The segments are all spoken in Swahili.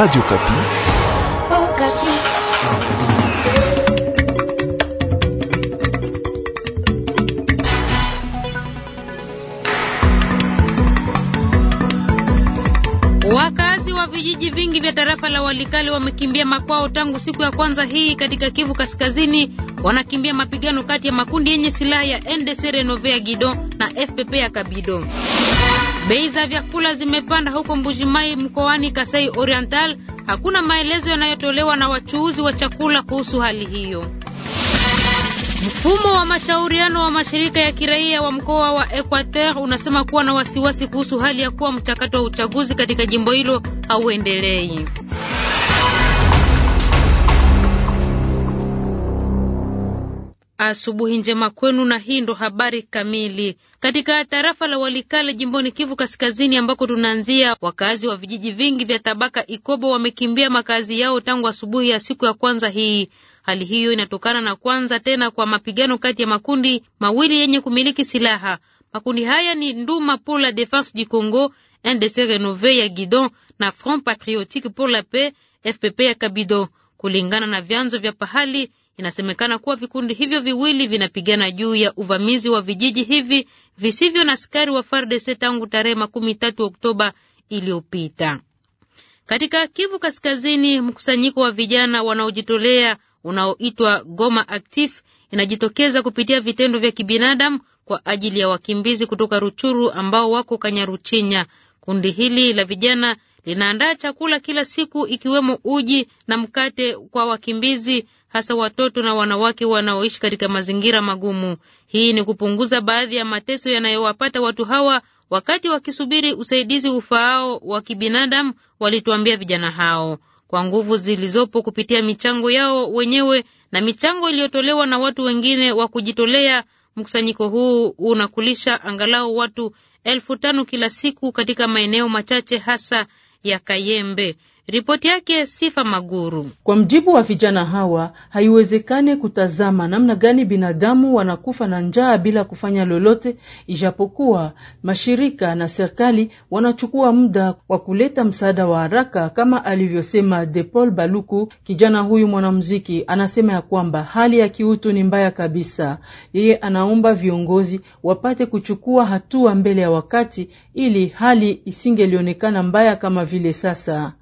Radio Kapi. Oh, Kapi. Wakazi wa vijiji vingi vya tarafa la Walikale wamekimbia makwao tangu siku ya kwanza hii katika Kivu Kaskazini. Wanakimbia mapigano kati ya makundi yenye silaha ya NDC Renove ya Gido na FPP ya Kabido. Bei za vyakula zimepanda huko Mbujimai mkoani Kasai Oriental. Hakuna maelezo yanayotolewa na wachuuzi wa chakula kuhusu hali hiyo. Mfumo wa mashauriano wa mashirika ya kiraia wa mkoa wa Equateur unasema kuwa na wasiwasi kuhusu hali ya kuwa mchakato wa uchaguzi katika jimbo hilo hauendelei. Asubuhi njema kwenu, na hii ndo habari kamili. Katika tarafa la Walikale jimboni Kivu Kaskazini ambako tunaanzia, wakazi wa vijiji vingi vya tabaka Ikobo wamekimbia makazi yao tangu asubuhi ya siku ya kwanza hii. Hali hiyo inatokana na kwanza tena kwa mapigano kati ya makundi mawili yenye kumiliki silaha. Makundi haya ni Nduma pour la Defense du Congo NDC Renove ya Guidon na Front Patriotique pour la Paix FPP ya Kabido. Kulingana na vyanzo vya pahali Inasemekana kuwa vikundi hivyo viwili vinapigana juu ya uvamizi wa vijiji hivi visivyo na askari wa FARDC tangu tarehe makumi tatu Oktoba iliyopita. Katika Kivu Kaskazini, mkusanyiko wa vijana wanaojitolea unaoitwa Goma Active inajitokeza kupitia vitendo vya kibinadamu kwa ajili ya wakimbizi kutoka Ruchuru ambao wako Kanyaruchinya. Kundi hili la vijana linaandaa chakula kila siku ikiwemo uji na mkate kwa wakimbizi hasa watoto na wanawake wanaoishi katika mazingira magumu. Hii ni kupunguza baadhi ya mateso yanayowapata watu hawa wakati wakisubiri usaidizi ufaao wa kibinadamu, walituambia vijana hao kwa nguvu zilizopo kupitia michango yao wenyewe na michango iliyotolewa na watu wengine wa kujitolea. Mkusanyiko huu unakulisha angalau watu elfu tano kila siku katika maeneo machache hasa ya Kayembe. Ripoti yake Sifa Maguru. Kwa mjibu wa vijana hawa, haiwezekani kutazama namna gani binadamu wanakufa na njaa bila kufanya lolote, ijapokuwa mashirika na serikali wanachukua muda wa kuleta msaada wa haraka, kama alivyosema De Paul Baluku. Kijana huyu mwanamuziki anasema ya kwamba hali ya kiutu ni mbaya kabisa. Yeye anaomba viongozi wapate kuchukua hatua mbele ya wakati, ili hali isingelionekana mbaya kama vile sasa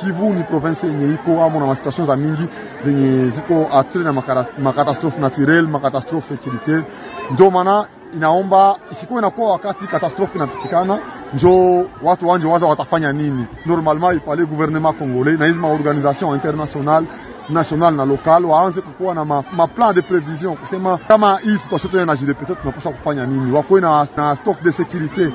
Kivu ni province yenye iko amo na masituation za mingi zenye ziko atre na makatastrofe naturel, makatastrofe sekirite. Ndio maana inaomba isikuwe inakuwa wakati katastrofe inapitikana njo watu wanje waza watafanya nini. Normalement il fallait gouvernement congolais na hizi maorganisation internationale national na local waanze kukuwa na maplan ma de prevision kusema kama hii situation tunajidepete tunakosa kufanya nini, wakuwe na, na stock de securite.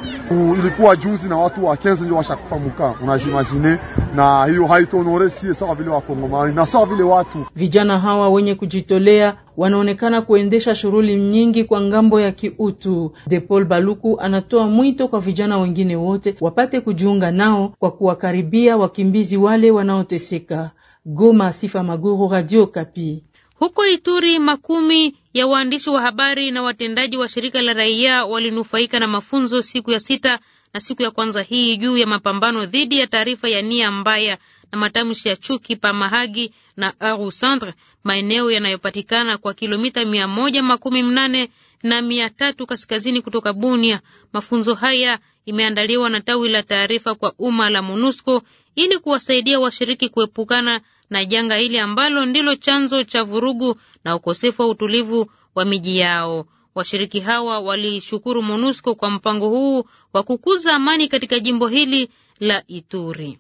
Ilikuwa juzi na watu wa 15 ndio washakufa muka, unajimagine, na hiyo haitonore sie sawa vile wakongomani na sawa vile watu vijana hawa wenye kujitolea wanaonekana kuendesha shughuli nyingi kwa ngambo ya kiutu. De Paul Baluku anatoa mwito kwa vijana wengine wote wapate kujiunga nao kwa kuwakaribia wakimbizi wale wanaoteseka. Goma, Sifa Maguru, Radio Kapi. Huko Ituri, makumi ya waandishi wa habari na watendaji wa shirika la raia walinufaika na mafunzo siku ya sita na siku ya kwanza hii juu ya mapambano dhidi ya taarifa ya nia mbaya na matamshi ya chuki pa Mahagi na Aru Centre, maeneo yanayopatikana kwa kilomita mia moja makumi mnane na mia tatu kaskazini kutoka Bunia. Mafunzo haya imeandaliwa na tawi la taarifa kwa umma la MONUSCO ili kuwasaidia washiriki kuepukana na janga hili ambalo ndilo chanzo cha vurugu na ukosefu wa utulivu wa miji yao. Washiriki hawa walishukuru MONUSCO kwa mpango huu wa kukuza amani katika jimbo hili la Ituri.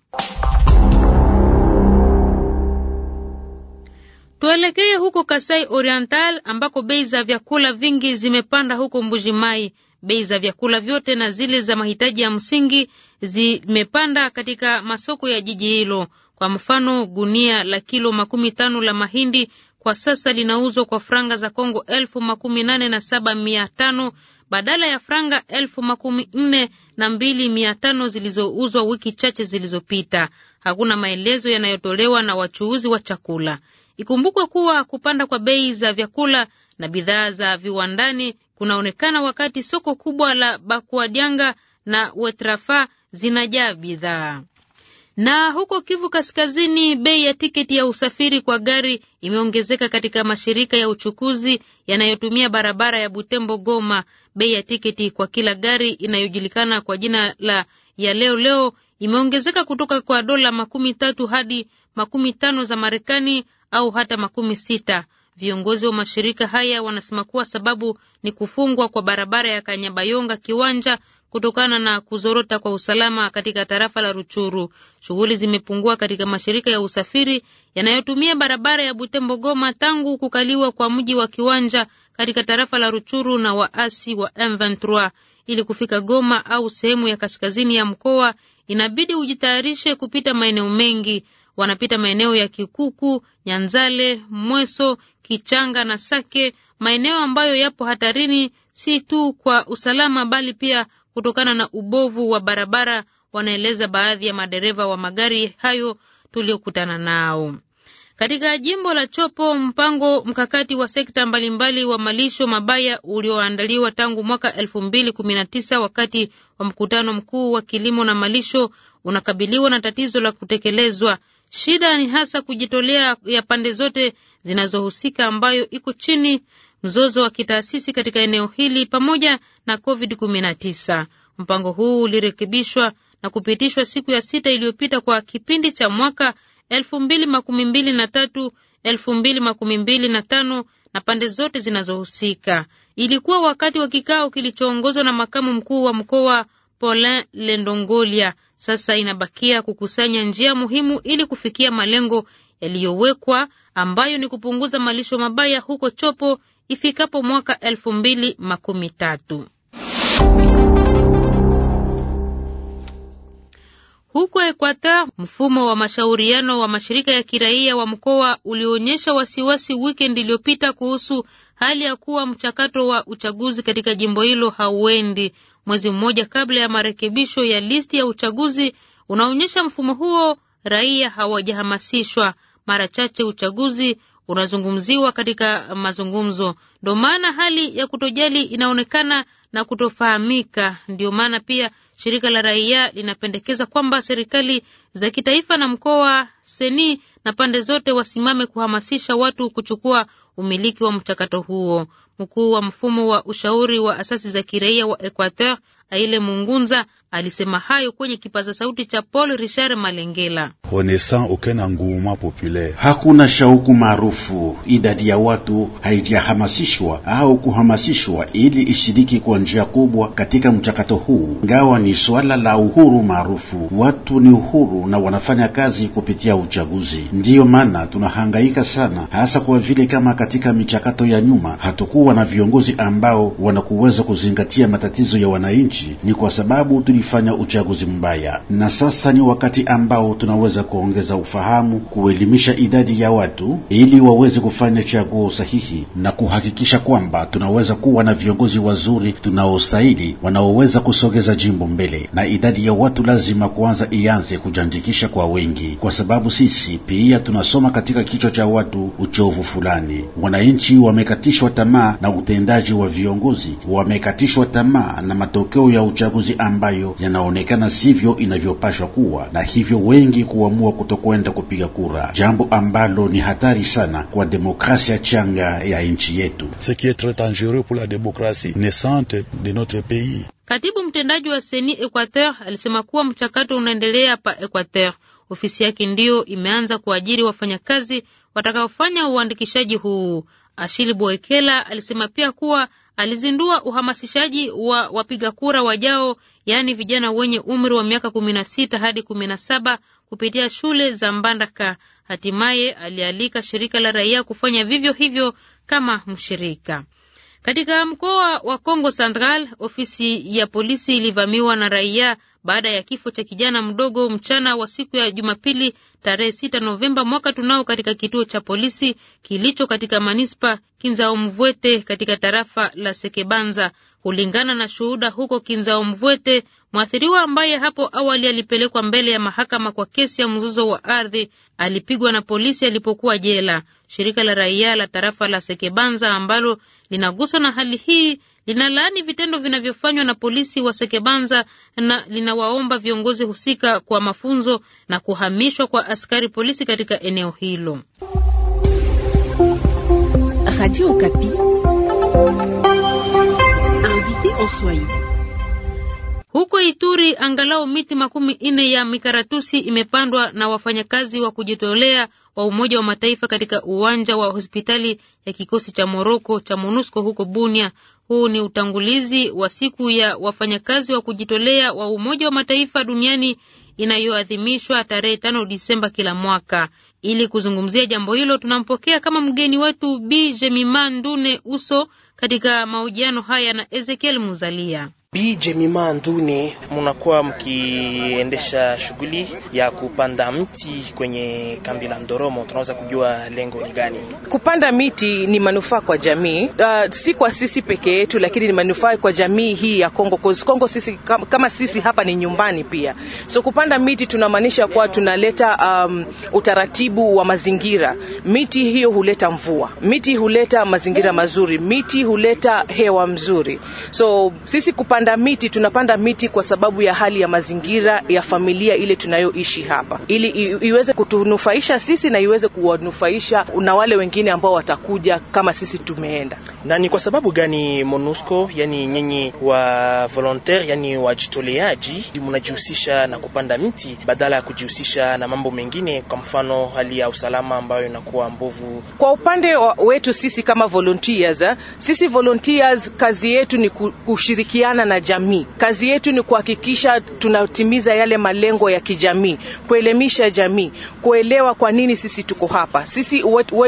Tuelekee huko Kasai Oriental ambako bei za vyakula vingi zimepanda huko Mbujimai. Bei za vyakula vyote na zile za mahitaji ya msingi zimepanda katika masoko ya jiji hilo. Kwa mfano, gunia la kilo makumi tano la mahindi kwa sasa linauzwa kwa franga za Kongo elfu makumi nane na saba mia tano badala ya franga elfu makumi nne na mbili mia tano zilizouzwa wiki chache zilizopita. Hakuna maelezo yanayotolewa na wachuuzi wa chakula. Ikumbukwe kuwa kupanda kwa bei za vyakula na bidhaa za viwandani kunaonekana wakati soko kubwa la Bakuadianga na Wetrafa zinajaa bidhaa. Na huko Kivu Kaskazini, bei ya tiketi ya usafiri kwa gari imeongezeka katika mashirika ya uchukuzi yanayotumia barabara ya Butembo Goma. Bei ya tiketi kwa kila gari inayojulikana kwa jina la ya leo leo imeongezeka kutoka kwa dola makumi tatu hadi makumi tano za Marekani au hata makumi sita. Viongozi wa mashirika haya wanasema kuwa sababu ni kufungwa kwa barabara ya Kanyabayonga Kiwanja kutokana na kuzorota kwa usalama katika tarafa la Ruchuru. Shughuli zimepungua katika mashirika ya usafiri yanayotumia barabara ya Butembo Goma tangu kukaliwa kwa mji wa Kiwanja katika tarafa la Ruchuru na waasi wa M23. Ili kufika Goma au sehemu ya kaskazini ya mkoa, inabidi ujitayarishe kupita maeneo mengi. Wanapita maeneo ya Kikuku, Nyanzale, Mweso, Kichanga na Sake, maeneo ambayo yapo hatarini si tu kwa usalama bali pia kutokana na ubovu wa barabara, wanaeleza baadhi ya madereva wa magari hayo tuliokutana nao. Katika jimbo la Chopo, mpango mkakati wa sekta mbalimbali wa malisho mabaya ulioandaliwa tangu mwaka 2019 wakati wa mkutano mkuu wa kilimo na malisho unakabiliwa na tatizo la kutekelezwa. Shida ni hasa kujitolea ya pande zote zinazohusika ambayo iko chini mzozo wa kitaasisi katika eneo hili pamoja na COVID-19. Mpango huu ulirekebishwa na kupitishwa siku ya sita iliyopita kwa kipindi cha mwaka 2023 2025 na pande zote zinazohusika. Ilikuwa wakati wa kikao kilichoongozwa na makamu mkuu wa mkoa Paulin Lendongolia. Sasa inabakia kukusanya njia muhimu ili kufikia malengo yaliyowekwa ambayo ni kupunguza malisho mabaya huko Chopo ifikapo mwaka elfu mbili makumi tatu. Huko Equateur, mfumo wa mashauriano wa mashirika ya kiraia wa mkoa ulionyesha wasiwasi wikendi iliyopita kuhusu hali ya kuwa mchakato wa uchaguzi katika jimbo hilo hauendi, mwezi mmoja kabla ya marekebisho ya listi ya uchaguzi unaonyesha mfumo huo raia hawajahamasishwa. Mara chache uchaguzi unazungumziwa katika mazungumzo. Ndio maana hali ya kutojali inaonekana na kutofahamika. Ndio maana pia shirika la raia linapendekeza kwamba serikali za kitaifa na mkoa, seni na pande zote wasimame kuhamasisha watu kuchukua umiliki wa mchakato huo. Mkuu wa mfumo wa ushauri wa asasi za kiraia wa Equateur Aile Mungunza alisema hayo kwenye kipaza sauti cha Paul Richard Malengela. ukena nguuma hakuna shauku maarufu. Idadi ya watu haijahamasishwa au kuhamasishwa ili ishiriki kwa njia kubwa katika mchakato huu, ngawa ni swala la uhuru maarufu. Watu ni uhuru na wanafanya kazi kupitia uchaguzi. Ndiyo maana tunahangaika sana, hasa kwa vile kama katika michakato ya nyuma hatukuwa na viongozi ambao wanakuweza kuzingatia matatizo ya wananchi nchi, ni kwa sababu tulifanya uchaguzi mbaya, na sasa ni wakati ambao tunaweza kuongeza ufahamu, kuelimisha idadi ya watu ili waweze kufanya chaguo sahihi na kuhakikisha kwamba tunaweza kuwa na viongozi wazuri tunaostahili, wanaoweza kusogeza jimbo mbele. Na idadi ya watu lazima kuanza ianze kujiandikisha kwa wengi, kwa sababu sisi pia tunasoma katika kichwa cha watu uchovu fulani. Wananchi wamekatishwa tamaa na utendaji wa viongozi, wamekatishwa tamaa na matokeo matokeo ya uchaguzi ambayo yanaonekana sivyo inavyopashwa kuwa, na hivyo wengi kuamua kutokwenda kupiga kura, jambo ambalo ni hatari sana kwa demokrasia changa ya nchi yetu. Ce qui est dangereux pour la démocratie naissante de notre pays. Katibu mtendaji wa Seni Equateur alisema kuwa mchakato unaendelea pa Equateur. Ofisi yake ndiyo imeanza kuajiri wafanyakazi watakaofanya uandikishaji huu. Ashili Boekela alisema pia kuwa Alizindua uhamasishaji wa wapiga kura wajao, yaani vijana wenye umri wa miaka kumi na sita hadi kumi na saba kupitia shule za Mbandaka. Hatimaye alialika shirika la raia kufanya vivyo hivyo kama mshirika. Katika mkoa wa Kongo Central, ofisi ya polisi ilivamiwa na raia baada ya kifo cha kijana mdogo mchana wa siku ya Jumapili tarehe 6 Novemba mwaka tunao katika kituo cha polisi kilicho katika manispa Kinzao Mvwete katika tarafa la Sekebanza. Kulingana na shuhuda huko Kinzao Mvwete, mwathiriwa ambaye hapo awali alipelekwa mbele ya mahakama kwa kesi ya mzozo wa ardhi alipigwa na polisi alipokuwa jela. Shirika la raia la tarafa la Sekebanza ambalo linaguswa na hali hii linalaani vitendo vinavyofanywa na polisi wa Sekebanza na linawaomba viongozi husika kwa mafunzo na kuhamishwa kwa askari polisi katika eneo hilo. Radio Okapi. Huko Ituri angalau miti makumi nne ya mikaratusi imepandwa na wafanyakazi wa kujitolea wa Umoja wa Mataifa katika uwanja wa hospitali ya kikosi cha Moroko cha MONUSCO huko Bunia. Huu ni utangulizi wa siku ya wafanyakazi wa kujitolea wa Umoja wa Mataifa duniani inayoadhimishwa tarehe tano Disemba kila mwaka. Ili kuzungumzia jambo hilo, tunampokea kama mgeni wetu Bi Jemima Ndune Uso katika mahojiano haya na Ezekiel Muzalia. Bi Jemima Ndune, munakuwa mkiendesha shughuli ya kupanda mti kwenye kambi la Mdoromo, tunaweza kujua lengo ni gani? Kupanda miti ni manufaa kwa jamii uh, si kwa sisi peke yetu, lakini ni manufaa kwa jamii hii ya Kongo cause Kongo sisi kama, kama sisi hapa ni nyumbani pia. So kupanda miti tunamaanisha kuwa tunaleta um, utaratibu wa mazingira. Miti hiyo huleta mvua, miti huleta mazingira mazuri, miti huleta hewa mzuri. So sisi kupanda Kupanda miti, tunapanda miti kwa sababu ya hali ya mazingira ya familia ile tunayoishi hapa, ili iweze kutunufaisha sisi na iweze kuwanufaisha na wale wengine ambao watakuja kama sisi tumeenda. Na ni kwa sababu gani MONUSCO, yani nyinyi wa volontaire, yani wajitoleaji, mnajihusisha na kupanda miti badala ya kujihusisha na mambo mengine, kwa mfano hali ya usalama ambayo inakuwa mbovu? Kwa upande wetu sisi kama volunteers, eh, sisi volunteers kazi yetu ni kushirikiana na jamii. Kazi yetu ni kuhakikisha tunatimiza yale malengo ya kijamii, kuelimisha jamii, kuelewa kwa nini sisi tuko hapa. Sisi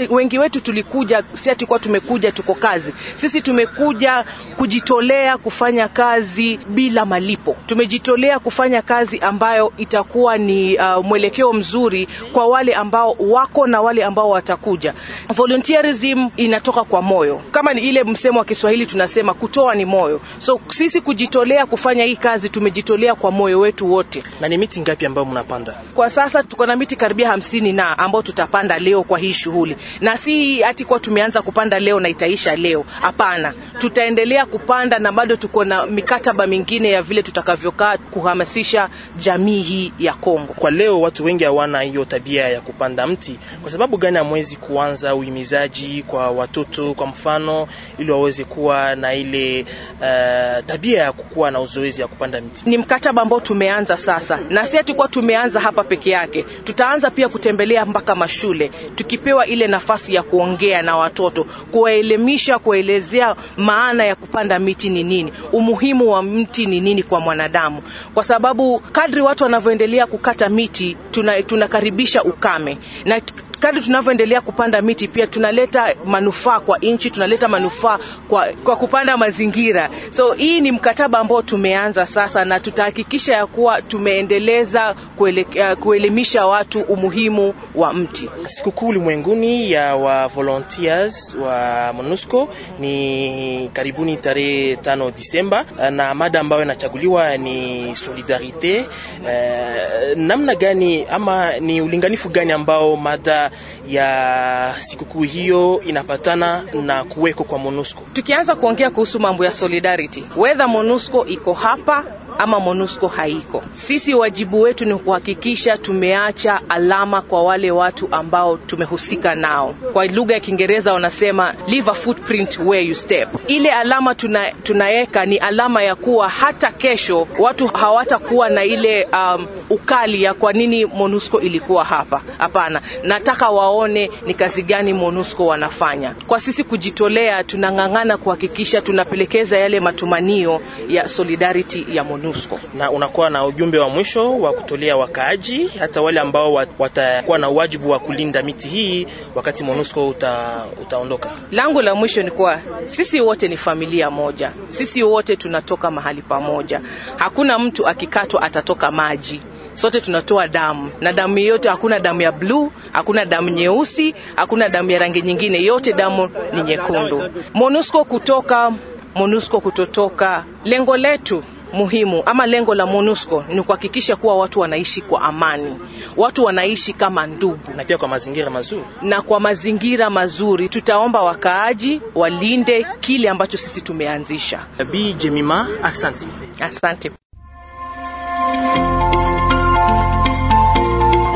wengi wetu tulikuja, si ati kwa tumekuja tuko kazi. Sisi tumekuja kujitolea kufanya kazi bila malipo. Tumejitolea kufanya kazi ambayo itakuwa ni uh, mwelekeo mzuri kwa wale ambao wako na wale ambao watakuja. Volunteerism inatoka kwa moyo, kama ni ile msemo wa Kiswahili tunasema kutoa ni moyo. So sisi kujitolea kufanya hii kazi, tumejitolea kwa moyo wetu wote. Na ni miti ngapi ambayo mnapanda kwa sasa? Tuko na miti karibia hamsini na ambao tutapanda leo kwa hii shughuli, na si ati kwa tumeanza kupanda leo na itaisha leo. Hapana, tutaendelea kupanda na bado tuko na mikataba mingine ya vile tutakavyokaa kuhamasisha jamii hii ya Kongo. Kwa leo watu wengi hawana hiyo tabia ya kupanda mti. Kwa sababu gani hamwezi kuanza uhimizaji kwa watoto, kwa mfano, ili waweze kuwa na ile uh, tabia njia ya kukua na uzoezi ya kupanda miti. Ni mkataba ambao tumeanza sasa, na si ati kuwa tumeanza hapa peke yake, tutaanza pia kutembelea mpaka mashule, tukipewa ile nafasi ya kuongea na watoto, kuwaelimisha, kuwaelezea maana ya kupanda miti ni nini, umuhimu wa mti ni nini kwa mwanadamu, kwa sababu kadri watu wanavyoendelea kukata miti tuna, tunakaribisha ukame na kadri tunavyoendelea kupanda miti pia tunaleta manufaa kwa nchi, tunaleta manufaa kwa, kwa kupanda mazingira. So hii ni mkataba mkataba ambao tumeanza sasa, na tutahakikisha ya kuwa tumeendeleza kuele, eh, kuelimisha watu umuhimu wa mti. Sikukuu ulimwenguni ya wa volunteers wa MONUSCO ni karibuni tarehe tano Disemba, eh, na mada ambayo inachaguliwa ni solidarite. Uh, namna gani ama ni ulinganifu gani ambao mada ya sikukuu hiyo inapatana na kuweko kwa MONUSCO? Tukianza kuongea kuhusu mambo ya solidarity, whether MONUSCO iko hapa ama MONUSCO haiko. Sisi wajibu wetu ni kuhakikisha tumeacha alama kwa wale watu ambao tumehusika nao. Kwa lugha ya Kiingereza wanasema leave a footprint where you step. Ile alama tuna, tunaweka ni alama ya kuwa hata kesho watu hawatakuwa na ile um, ukali ya kwa nini MONUSCO ilikuwa hapa. Hapana, nataka waone ni kazi gani MONUSCO wanafanya. Kwa sisi kujitolea, tunang'ang'ana kuhakikisha tunapelekeza yale matumanio ya solidarity ya MONUSCO. MONUSCO na unakuwa na ujumbe wa mwisho wa kutolea wakaaji, hata wale ambao watakuwa na wajibu wa kulinda miti hii wakati MONUSCO uta, utaondoka. Lango la mwisho ni kwa sisi wote ni familia moja, sisi wote tunatoka mahali pamoja. Hakuna mtu akikatwa atatoka maji sote tunatoa damu na damu yote, hakuna damu ya bluu, hakuna damu nyeusi, hakuna damu ya rangi nyingine, yote damu ni nyekundu. MONUSCO kutoka, MONUSCO kutotoka, lengo letu muhimu ama lengo la MONUSCO ni kuhakikisha kuwa watu wanaishi kwa amani, watu wanaishi kama ndugu, na pia kwa mazingira mazuri. Na kwa mazingira mazuri, tutaomba wakaaji walinde kile ambacho sisi tumeanzisha. Bi Jemima, asante. Asante.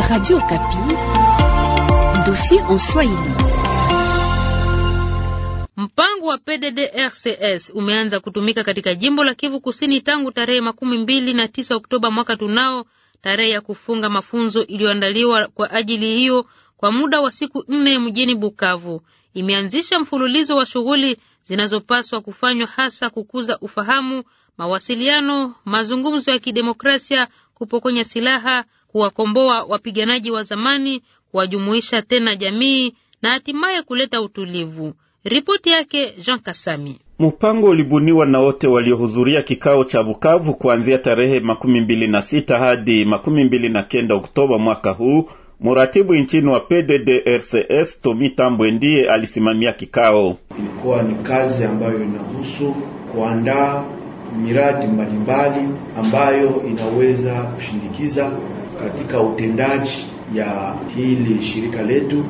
Radio Kapi, dossier en Swahili. Mpango wa PDDRCS umeanza kutumika katika jimbo la Kivu Kusini tangu tarehe makumi mbili na tisa Oktoba mwaka tunao, tarehe ya kufunga mafunzo iliyoandaliwa kwa ajili hiyo kwa muda wa siku nne mjini Bukavu. Imeanzisha mfululizo wa shughuli zinazopaswa kufanywa hasa kukuza ufahamu, mawasiliano, mazungumzo ya kidemokrasia, kupokonya silaha, kuwakomboa wapiganaji wa zamani, kuwajumuisha tena jamii na hatimaye kuleta utulivu. Ripoti yake Jean Kasami. Mpango ulibuniwa na wote waliohudhuria kikao cha Bukavu kuanzia tarehe makumi mbili na sita hadi makumi mbili na kenda Oktoba mwaka huu. Muratibu nchini wa PDDRCS Tomi Tambwe ndiye alisimamia kikao. Ilikuwa ni kazi ambayo inahusu kuandaa miradi mbalimbali ambayo inaweza kushindikiza katika utendaji ya hili shirika letu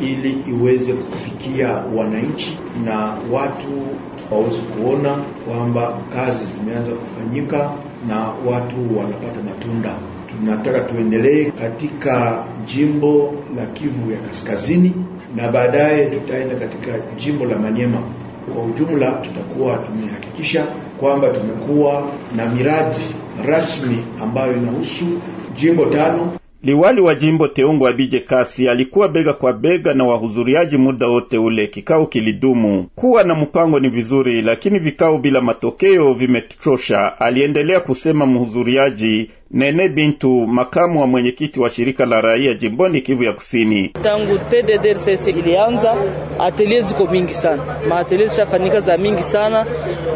ili iweze kufikia wananchi na watu waweze kuona kwamba kazi zimeanza kufanyika na watu wanapata matunda. Tunataka tuendelee katika jimbo la Kivu ya Kaskazini na baadaye tutaenda katika jimbo la Maniema. Kwa ujumla, tutakuwa tumehakikisha kwamba tumekuwa na miradi rasmi ambayo inahusu jimbo tano. Liwali wa jimbo Teungu Abije Kasi alikuwa bega kwa bega na wahudhuriaji muda wote ule. Kikao kilidumu. Kuwa na mpango ni vizuri, lakini vikao bila matokeo vimechosha, aliendelea kusema mhudhuriaji Nene Bintu, makamu wa mwenyekiti wa shirika la raia jimboni Kivu ya Kusini. Tangu TDDRCC ilianza, atelier ziko mingi sana, maatelier zishafanyika za mingi sana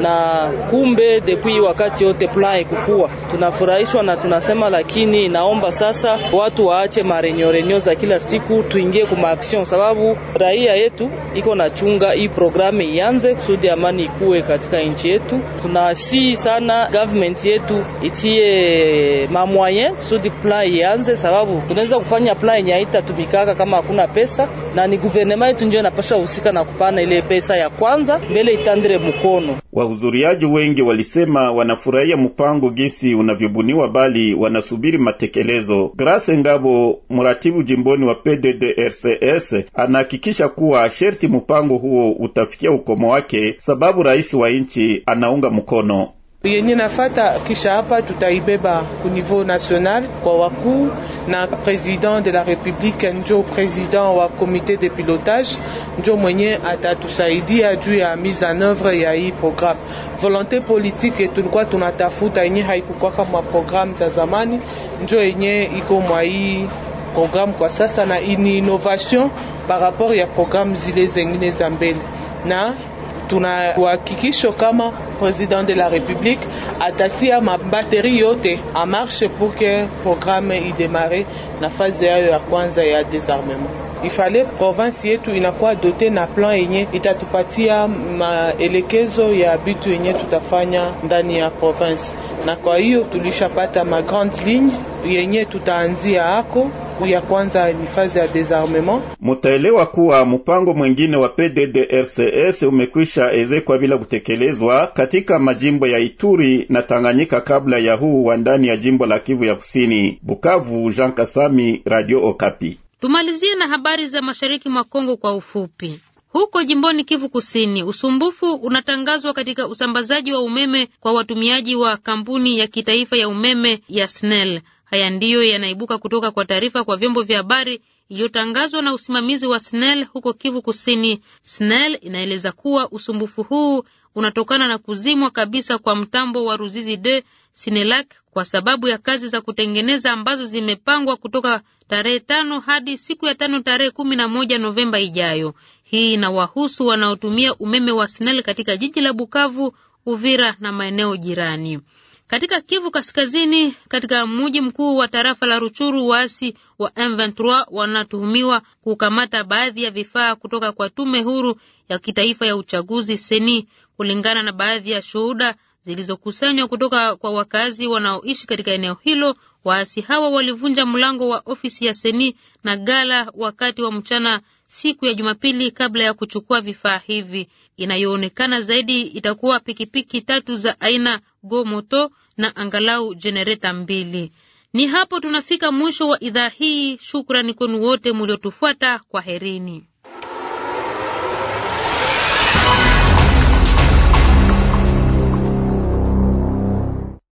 na kumbe, depuis wakati yote plan kukua, tunafurahishwa na tunasema, lakini inaomba sasa watu waache marenyorenyo za kila siku, tuingie kwa action, sababu raia yetu iko na chunga hii programu ianze kusudi amani ikuwe katika nchi yetu. tunasii sana government yetu itie mamwaye kusudi plan ianze, sababu tunaweza kufanya plan yenye haitatumikaka kama hakuna pesa, na ni guvernema yetu ndio inapasha husika na kupana ile pesa ya kwanza mbele itandire mkono. Wahudhuriaji wengi walisema wanafurahia mpango gisi unavyobuniwa, bali wanasubiri matekelezo. Grace Ngabo, mratibu jimboni wa PDDRCS, anahakikisha kuwa sherti mpango huo utafikia ukomo wake, sababu rais wa nchi anaunga mkono. yenye nafata kisha hapa tutaibeba kunivou national kwa wakuu na president de la republique njo president wa komite de pilotage njo mwenye atatusaidia juu ya mise en oeuvre ya hii programme. Volonté politique tulikuwa tunatafuta yenye haikukwaka mwa programme za zamani, njo yenye iko mwa hii programme kwa sasa, na ini innovation par rapport ya programme zile zengine za mbele na tuna uhakikisho kama president de la republique atatia mabateri yote en marche pour que programme idemare na fazi yayo ya kwanza ya desarmement. Ifale province yetu inakuwa dote na plan yenye itatupatia maelekezo ya bitu yenye tutafanya ndani ya province, na kwa hiyo tulishapata ma grande ligne yenye tutaanzia ako ya kwanza ni fazi ya desarmement. Mutaelewa kuwa mpango mwingine wa PDDRCS umekwisha ezekwa bila kutekelezwa katika majimbo ya Ituri na Tanganyika kabla ya huu wa ndani ya jimbo la Kivu ya Kusini. Bukavu, Jean Kasami, Radio Okapi. Tumalizie na habari za mashariki mwa Kongo kwa ufupi. Huko jimboni Kivu Kusini, usumbufu unatangazwa katika usambazaji wa umeme kwa watumiaji wa kampuni ya kitaifa ya umeme ya SNEL. Haya ndiyo yanaibuka kutoka kwa taarifa kwa vyombo vya habari iliyotangazwa na usimamizi wa SNEL huko Kivu Kusini. SNEL inaeleza kuwa usumbufu huu unatokana na kuzimwa kabisa kwa mtambo wa Ruzizi de Sinelac kwa sababu ya kazi za kutengeneza ambazo zimepangwa kutoka tarehe tano hadi siku ya tano tarehe kumi na moja Novemba ijayo. Hii inawahusu wanaotumia umeme wa SNEL katika jiji la Bukavu, Uvira na maeneo jirani. Katika Kivu Kaskazini, katika mji mkuu wa tarafa la Ruchuru, waasi wa M23 wanatuhumiwa kukamata baadhi ya vifaa kutoka kwa tume huru ya kitaifa ya uchaguzi seni, kulingana na baadhi ya shuhuda zilizokusanywa kutoka kwa wakazi wanaoishi katika eneo hilo. Waasi hawa walivunja mlango wa ofisi ya Seni na Gala wakati wa mchana siku ya Jumapili kabla ya kuchukua vifaa hivi. Inayoonekana zaidi itakuwa pikipiki tatu za aina Gomoto na angalau jenereta mbili. Ni hapo tunafika mwisho wa idhaa hii. Shukrani kwenu wote mliotufuata. Kwa herini.